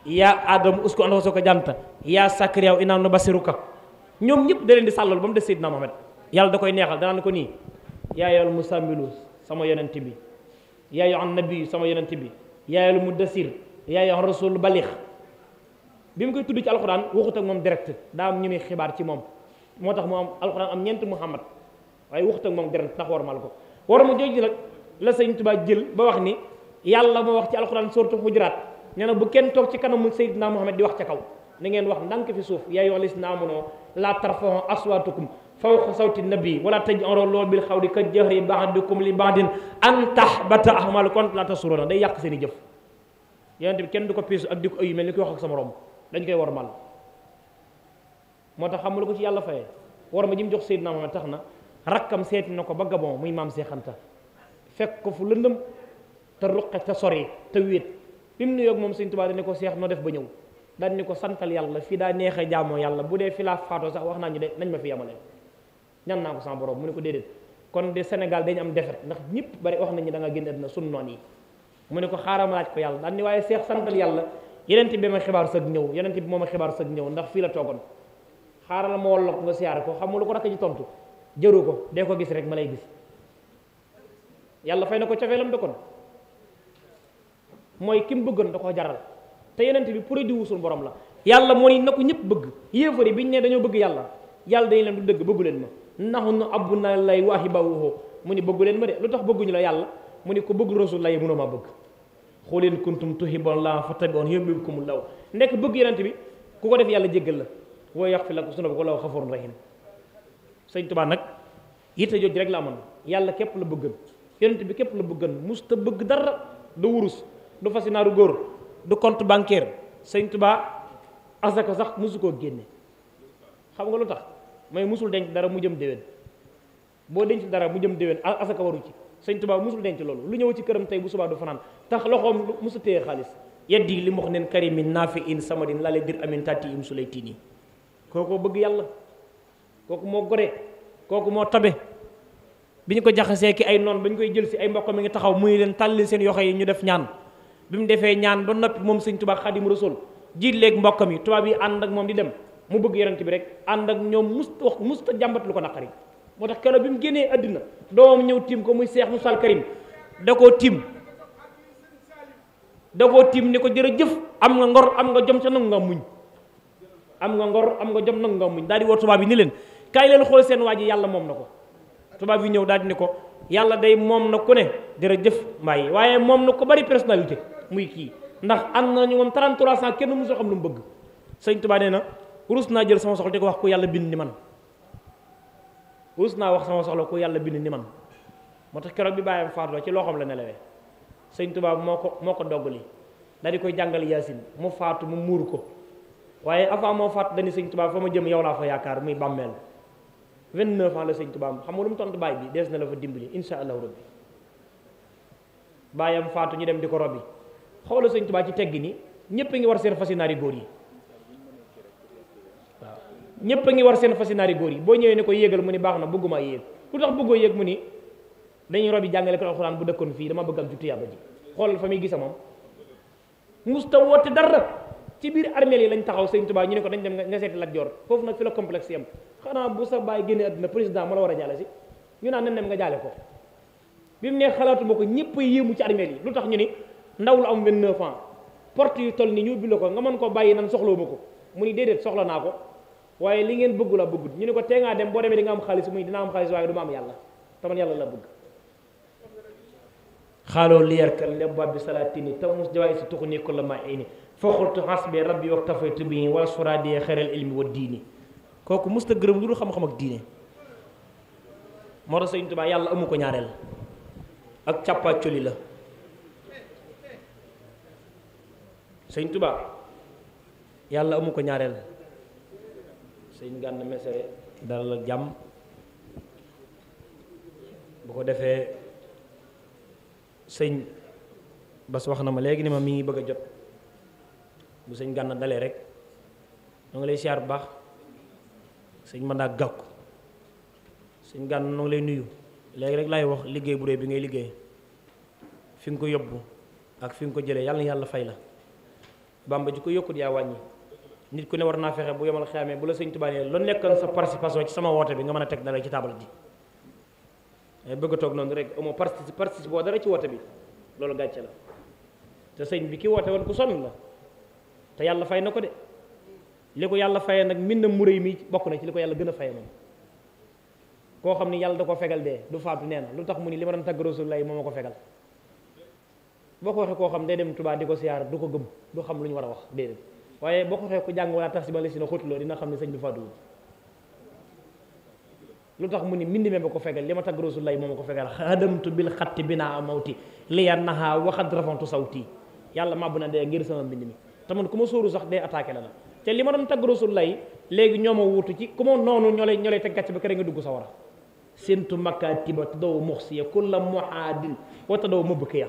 yaa Adam usku anta soo ko janta yaa Sakariya innaa nubasiruka ñoom ñëpp da leen di sàllalu ba mu des Seydina Muhammad yàlla da koy neexal danaan ko nii yaa yool musammilu sama yonent bi yaa yoon nabi sama yonent bi yaa yool muddasir yaa yoon bi mu koy tudd ci alxuraan waxut ak moom direct daa am ñu xibaar ci moom moo tax mu am alxuraan am ñeent muhammad waaye waxut ak moom direct ndax war mal ko war mu jooju nag la sëñ Tuubaa jël ba wax ni yàlla moo wax ci alxuraan suratul xujuraat nee na bu kenn toog ci kanamu Seydina Muhammad di wax ca kaw na ngeen wax ndànk fi suuf yaa ayyuhal lazina aamanuu laa tarfa'uu aswaatakum fawqa sawti nabi wala tajharuu lahu bil qawli kajahri ba'dikum li ba'din an tahbata a'maalukum wa antum laa tash'uruun day yàq seen i jëf yonent bi kenn ko piisu ak di mel ni koy wax ak sama romb dañ koy war wormal moo tax la ko ci yàlla fayee war ma ji mu jox Seydina Muhammad tax na rakkam seeti na ko ba Gabon muy maam Seexanta fekk ko fu lëndëm te ruqe te sori te wéet bi mu nuyoog moom Sëñ Tuubaa ne ko seex noo def ba ñëw dañ ne ko santal yàlla fii daa neexee jaamoo yàlla bu dee fi laa faatoo sax wax naa ñu de nañ ma fi yamale ñan naa ko sama borom mu ne ko déedéet kon de Sénégal dañ am defet ndax ñëpp bari wax nañu da nga génn àddina sun noon yi mu ne ko xaaral ma ko yàlla daal waaye seex santal yàlla yenent bi ma xibaar sag ñëw yenent bi moo ma xibaar sag ñëw ndax fii la toogoon xaaral ma walla ko nga siyaare ko xam nga lu ko rakk ji tontu jëru ko dee ko gis rek ma lay gis yàlla fay na ko cofeelam da kon mooy ki mu bëggoon da koo jaral te yenent bi pour di wusul borom la yàlla moo ni na ko ñëpp bëgg yéefari biñ ne dañoo bëgg yàlla yàlla dañu leen du dëgg bëggu leen ma naxu nu abbu na lay waaxi ba mu ni bëggu leen ma de lu tax bëgguñu la yàlla mu ne ko bëgg rasul lay mënoo ma bëgg xool in kuntum tuhibbuuna llaaha fattabi'uuni yuhbibkumu llaah nekk bëgg yonent bi ku ko def yàlla jéggal la la wa yaxfir lakum zunuubakum wallaahu gafuurun rahiim sëñ Tuubaa nag yitte jooju rek la amoon yàlla képp la bëggan yonent bi képp la bëggan mus ta bëgg dara du wurus du naaru góor du compte bancaire sëñ Tuubaa asaka sax musu koo génne xam nga lu tax mooy musul denc dara mu jëm déwén boo denc dara mu jëm déwén asaka waru ci sëñ Tuubaa musul denc loolu lu ñëw ci këram tey bu subaa du fanaan tax loxoom musu téye xaalis yeddi li mu wax neen karimin naafi in samadin lale bir amin tati im su lay tiini kooku bëgg yàlla kooku moo gore kooku moo tabe bi ñu ko jaxasee ki ay noon ba ñu koy jël si ay mbokk mi ngi taxaw muy leen tàllil seen yoxo yi ñu def ñaan bi mu defee ñaan ba noppi moom sëñ Tuubaa Xaadimu Rasuul jiit léeg mbokk mi tubaab yi ànd ak moom di dem mu bëgg yonent bi rek ànd ak ñoom musta wax musta ko naqari moo tax keroog bi mu génnee àdduna doomam ñëw tiim ko muy seex Muusaa al Karim da koo tiim da koo tiim ni ko jëf am nga ngor am nga jom sa nangu nga muñ am nga ngor am nga jom nangu nga muñ daal di woo tubaab yi ni leen kaay leen xool seen waa yi yàlla moom na ko tubaab yu ñëw daal di ni ko yàlla day moom na ku ne jërëjëf mbaay waaye moom na ko bari personnalité muy kii ndax am ñu moom 33 cent kenn mësul xam lu mu bëgg sëñ Tuubaa nee na rus naa jël sama soxla di ko wax ko yàlla bind ni man us naa wax sama soxla ku yàlla bind ni man moo tax keroog bi bàyyam faatoo ci loxoom la nelawee sëñ Tuubaa moo ko moo ko doggali da di koy jàngal yaasin mu faatu mu muur ko waaye avant moo faatu dani sëñ Tuubaa fa ma jëm yow laa fa yaakaar muy bàmmeel 29 ans la sañ Tuubaa am xam nga lu mu tontu baay bi dees na la fa dimbali insha allahu rabbi bàyyam faatu ñu dem di ko robbi la sëñ Tuubaa ci tegg ni ñépp ngi war seen fasi naari góor yi ñëpp a ngi war seen fasi naari góor yi boo ñëwee ne ko yéegal mu ni baax na bëgguma yéeg lu tax bëggoo yéeg mu ni dañuy robi jàngale ko alxuraan bu dëkkoon fii dama bëgg am ci tuyaaba ji xoolal fa muy gisa moom musta woote dara ci biir armeel yi lañ taxaw sëñ Tuubaa ñu ne ko dañ dem nga seeti Lat Joor foofu nag fi la complexe yam xanaa bu sa baay génne àdduna président ma la war a jaale si ñu naan nan dem nga jaale ko bi mu ne xalaatuma ko ñëpp mu ci armeel yi lu tax ñu ni ndaw la am 29 ans porte yu toll ni ñu ubbi ko nga mën koo bàyyi nan soxlawuma ko mu ni déedéet soxla naa ko waaye li ngeen bëggu la bëggut ñu ne ko tee ngaa dem boo demee di nga am xaalis muy dina am xaalis waaye du ma am yàlla taman yàlla la bëgg xaaloo liyarkal lebab bi salatini tamus jawaay si tuxu ni kulla ma ini faxultu hasbi rabbi wax tafaytu bi wala suradiye xeral ilmi wa diini kooku musta gërëm lu dul xam-xam ak diine moo tax sëñ Tuubaa yàlla amu ko ñaareel ak càppaa amu ko ñaareel sëñ gànn Messere dalal jàmm bu ko defee sëñ Bass wax na ma léegi ni ma mi ngi bëgg a jot bu sëñ Gana dalee rek ñoo ngi lay siyaar bu baax sëñ Manda Gàkku sëñ Gana ñoo ngi lay nuyu léegi rek laay wax liggéey bu réy bi ngay liggéey fi nga ko yóbbu ak fi nga ko jëlee yàlla yàlla fay la bamba ji ko yokkut yaa wàññi nit ku ne war naa fexe bu yemal xeamee bu la sëñ Tuubaa ne lu nekkoon sa participation ci sama woote bi nga mën a teg dara ci taabal ji eh, bëgg a toog noonu rek amoo parti participe boo dara ci woote bi loolu gàcce la te sëñ bi ki woote woon ku sonn la te yàlla fay na ko de li ko yàlla fayee nag min na muréy mi bokk na ci li ko yàlla gën a fayee moom koo xam ni yàlla da ko fegal dee du faatu nee na lu tax mu ni li ma doon tagg Rasulullah moom ma ko fegal boo ko koo xam day dem Tuubaa di ko siyaar du ko gëm du xam lu war a wax déedéet waaye boo ko xoolee ku jàng wala tax si ba la si na xóotuloo dina xam ne sëñ bi fàdduwul lu tax mu ni mbind mi ba ko fegal li ma tagg rasul lay moom ko fegal xadamtu bil xatti bi naa mawti liya naha waxat rafantu sawti yàlla màbb na dee ngir sama mbind mi te ku ma sóoru sax dee attaqué la la te li ma doon tagg lay léegi ñoo ma wuutu ci ku ma noonu ñoo lay ñoo lay teg gàcc ba kër nga dugg sa war a séntu makkaatiba te doo la kulla muhaadin wa te doo mëbbkiya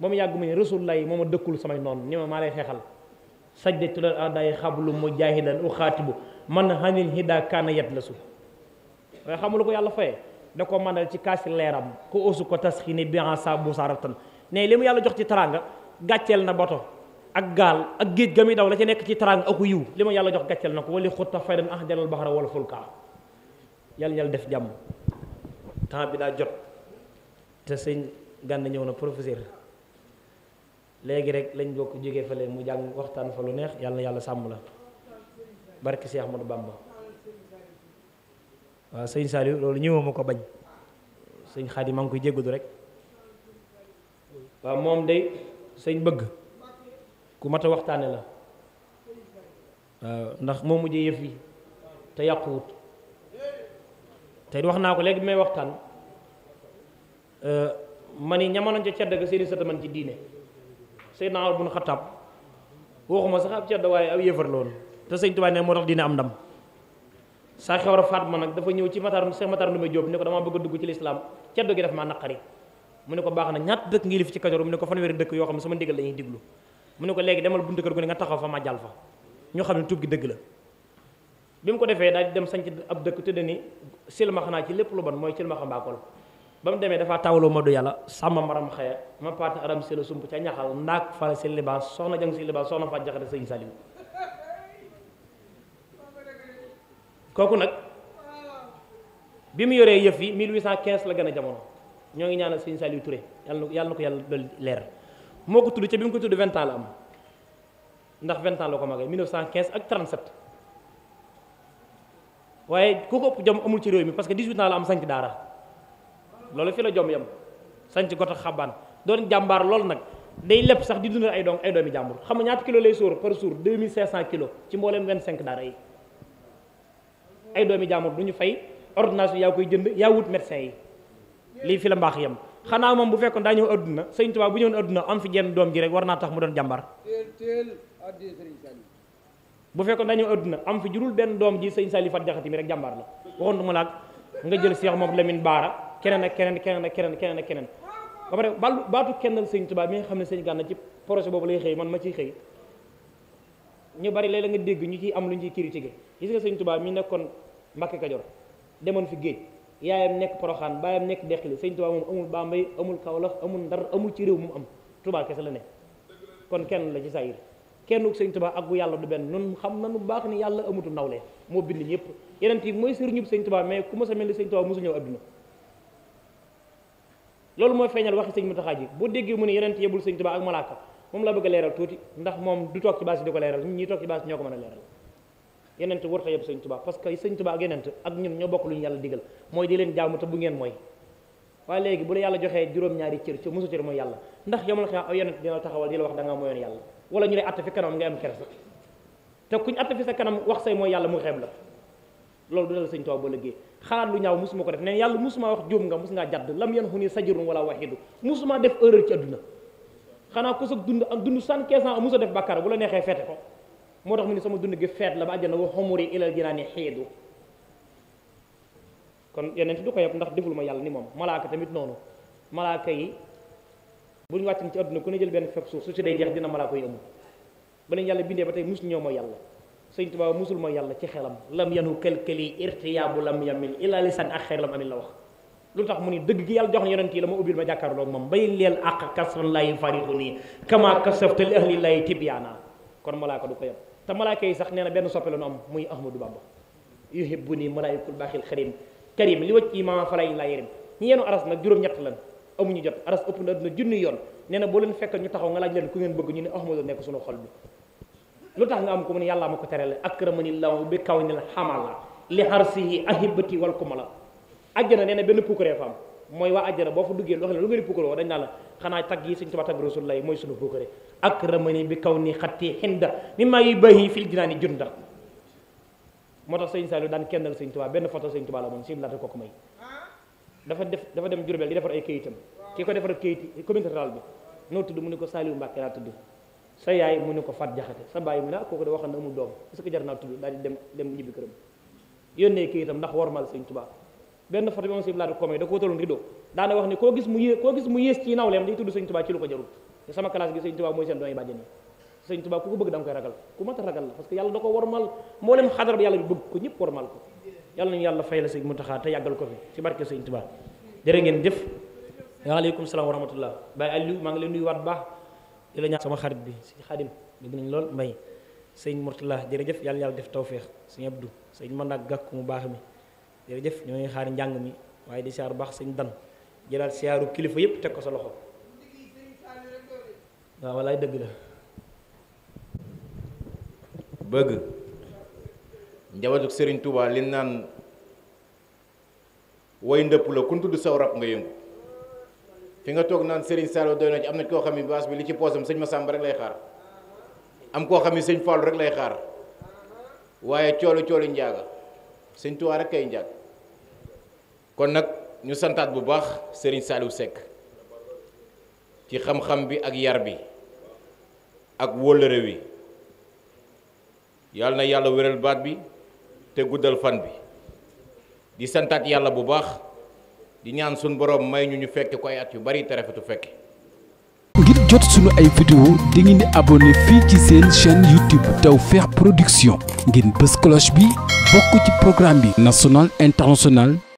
ba mu yàgg mu ne rasulullah yi moo ma dëkkul samay noonu ni ma maa lay xeexal sajjatu lal aday xablu mujahidan u xaatibu man hanil hida kaana yet la su waaye xamul ko yàlla fayee da ko mandal ci kaasi leeram ku osu ko tas bi ne biansa bu saratan ne li mu yàlla jox ci taranga gàcceel na boto ak gaal ak géej ga muy daw la ci nekk ci taranga aku yiw li ma yàlla jox gàcceel na ko wali xutta faydan ah jalal baxara wala fulka yàlla def jàmm temps bi daa jot te sëñ gànn ñëw na professeur léegi rek lañ bokk jógee fële mu jàng waxtaan fa lu neex yàlla yàlla sàmm la barki Seex Ahmadu Bamba waaw sëñ Saliou loolu ñëwoo ma ko bañ sëñ Xaadim maa ngi koy jéggudu rek waaw moom day sëñ bëgg ku mat a waxtaane la waaw ndax moo mujjee yëf yi te yàquwut te wax naa ko léegi bi may waxtaan euh, ma ni ñamanoon ca cedd ga seeni sëtaman ci diine Seydina Umar bun Xattaab waxuma sax ab ceddo waaye ab yéefar loolu te sëñ Tuubaa ne moo tax dina am ndam saa xewar a Fatma nag dafa ñëw ci Matar Seex Matar Ndumbe Jóob ne ko damaa bëgg a dugg ci lislaam ceddo gi daf maa naqari mu ne ko baax na ñaata dëkk ngi lif ci Kajoor mu ne ko fanweeri dëkk yoo xam ne sama ndigal la ñuy diglu mu ne ko léegi demal buntu kër gu ne nga taxaw fa ma jàll fa ñoo xam ne tuub gi dëgg la bi mu ko defee daal di dem sanc ab dëkk tëdd ni silmaxa naa ci lépp lu bon mooy silmaxa mbaakol ba mu demee dafa tawaloo ma du yàlla sama maram xëya ma parti aram sela sump ca ñaxal ndaak fara si libaas soxna jang si libaas soxna fat jaxate sëñ Saliou kooku nag bi mu yoree yëf yi 1815 la gën a jamono ñoo ngi ñaanal sëñ Saliou Touré yàlla yàlla na ko yàlla dolli leer moo ko tudd ca bi mu ko tudd la am ndax 20 ans la ko magee 1915 ak 37 waaye ku ko ëpp jom amul ci réew mi parce que 18 ans la am sanc daara loolu fi la jom yam sanc gotax xabaan doon jàmbaar loolu nag day lépp sax di dundal ay doom ay doomi jàmbur xam nga ñaata kilo lay sóor par jour 2500 kilos ci mbooleem 25 daara yi ay doomi jàmbur du ñu fay ordonnance bi yaa jënd yaa wut médecin yi lii fi la mbaax yem xanaa moom bu fekkoon daa ñëw adduna sëñ Tuubaa bu ñëwoon adduna am fi genn doom ji rek war naa tax mu doon jàmbar bu fekkoon daa ñëw adduna am fi jurul benn doom ji sëñ Saliou Fat rek jàmbar la waxoon du ma laag nga jël Cheikh moom Lamine Baara keneen ak keneen keneen ak keneen keneen ak keneen ba pare baatu kennal sëñ Tuubaa mi nga xam ne sëñ Gana ci projet boobu lay xëy man ma ciy xëy ñu bari léeg la nga dégg ñu ciy am lu ñuy critiqué gis nga sañ tubaa mi nekkoon Mbàkke Kajoor demoon fi géej yaayam nekk Poroxaan baayam nekk Dexli sëñ Tuubaa moom amul Bambey amul Kawlax amul Ndar amul ci réew mu am Tuubaa kese la ne kon kenn la ci saa kenn sëñ Tuubaa ak bu du benn nun xam na baax ni yàlla amutu nawle moo bind ñëpp yeneen yi mooy sëriñub sëñ Tuubaa mais ku ma sa mel ni sëñ Tuubaa mosu ñëw adduna loolu mooy feeñal waxi sëñ Muntaxa ji boo déggee mu ne yonent yebul sëñ Tuubaa ak malaaka moom laa bëgg a leeral tuuti ndax moom du toog ci baas yi di ko leeral ñi toog ci baas ñoo ko mën a leeral yonent warta yeb sëñ Tuubaa parce que sëñ Tuubaa ak yonent ak ñun ñoo bokk lu ñu yàlla digal mooy di leen jaamu te bu ngeen mooy waaye léegi bu la yàlla joxee juróom-ñaari cër ci mosu cër mooy yàlla ndax yamul xeex aw yonent dina taxawal di la wa da nga mooyoon yàlla wala sa kanam wax say mooy yàlla mu xeeb la loolu du dal sëñ Tuubaa ba liggéey xalaat lu ñaaw musuma ko def neen yàlla musuma wax juum nga mus ngaa jàdd lam yan xuni sajirun wala waxidu musuma def erreur ci adduna xanaa ko sag dund am dund soixante-quinze ans musa def bàkkaar bu la neexee feete ko moo tax mu ni sama dund gi feet la ba àjjana wa xumuri ilal jinaani xiidu kon yeneen du ko yëpp ndax deful ma yàlla ni moom malaaka tamit noonu malaaka yi bu ñu wàccin ci adduna ku ne jël benn fekk suuf su si day jeex dina malaaka yi amul ba leen yàlla tey musu ñoo mooy yàlla sëñ Tuubaa musul mooy yàlla ci xelam lam yanu këlkëli irtiyaabu lam yamil ila lisan ak xeer amil la wax lu tax mu ni dëgg gi yàlla jox na yonent yi la ma ubbil ma jàkkaarloog moom bay leel àq kasran lay fariqu kon malaaka du ko yem te malaaka yi sax nee benn soppe la nu am muy Ahmadou Bamba yuhibbu nii malaayikul baaxil xarim karim li wacc yi maama falay laa yërëm ñi yeenu aras nag juróom-ñett lan amuñu jot aras ëpp na adduna junni yoon nee na boo leen fekk ñu taxaw nga laaj leen ku ngeen bëgg ñu lu tax nga am ko mu ne yàlla ma ko terale akramani lahu bi kaw nil xamala li harsihi ahibati wal kumala ajjana nee na benn puukaree fa am mooy waa ajjana boo fa duggee loo xam ne lu ngeen puukaree woo dañ naa la xanaa tag yi suñ tuba tag rasulullah yi mooy sunu puukaree akramani bi kaw ni xatti xinda mimma yubahi fil jinaani junda moo tax sëñ Saliou daan kennal sëñ Tuubaa benn photo sëñ Tuubaa la moom sim laata kooku may dafa def dafa dem Jurbel li defar ay këyitam ki ko defar këyit commune rurale bi noo mu ne ko Saliou Mbacke laa tudd sa yaay mu ne ko fat jaxate sa bàyyi mu ne ah, kooku de waxoon na amul doom est-ce jar naa tudd daal dem dem ñibbi këram yónnee kii itam ndax wormal sëñ Tuubaa benn foto mu yées ko jarul koy ragal ku mat a ragal la parce yàlla da ko wormal mboolem xadar bi yàlla bi bëgg ko ñëpp wormal ko yàlla nañu yàlla fay la sëñ Muntaxa te yàggal ko fi ci barke sëñ Tuubaa jërë jëf waaleykum salaam wa rahmatullah Baye Aliou maa ngi leen nuyu waat baax di la sama xarit bi sëñ Xadim dégg nañ lool mbay sëñ Mourtala jërëjëf yàlla yàlla def tawféex sëñ Abdou sëñ Mandak gàkku mu baax mi jëf ñoo ngi xaar njàng mi waaye di siyaaru baax sëñ Dan jëlaat siyaaru kilifa yépp teg ko sa loxo waaw walaay dëgg la bëgg njabootu Serigne Touba li naan way ndëpp la ku ñu tudd saw rab nga yëngu fi nga toog naan Serigne Saliou doy na ci am na koo xam ne baas bi li ci poosam sëñ Massamba rek lay xaar am koo xam ne sëñ Fallou rek lay xaar waaye coolu coolu njaaga sëñ Touba rek kay njaag kon nag ñu santaat bu baax sëriñ Saliou Seck ci xam-xam bi ak yar bi ak wóllëre wi yàlla na yàlla wéral baat bi te guddal fan bi di santaat yàlla bu baax di ñaan suñu borom may ñu ñu fekk ko yu bari te rafetu fekke ngir jot suñu ay vidéo di ngeen di abonné fii ci seen chaîne YouTube Tawfekh Production ngeen bës cloche bi bokk ci programme bi national international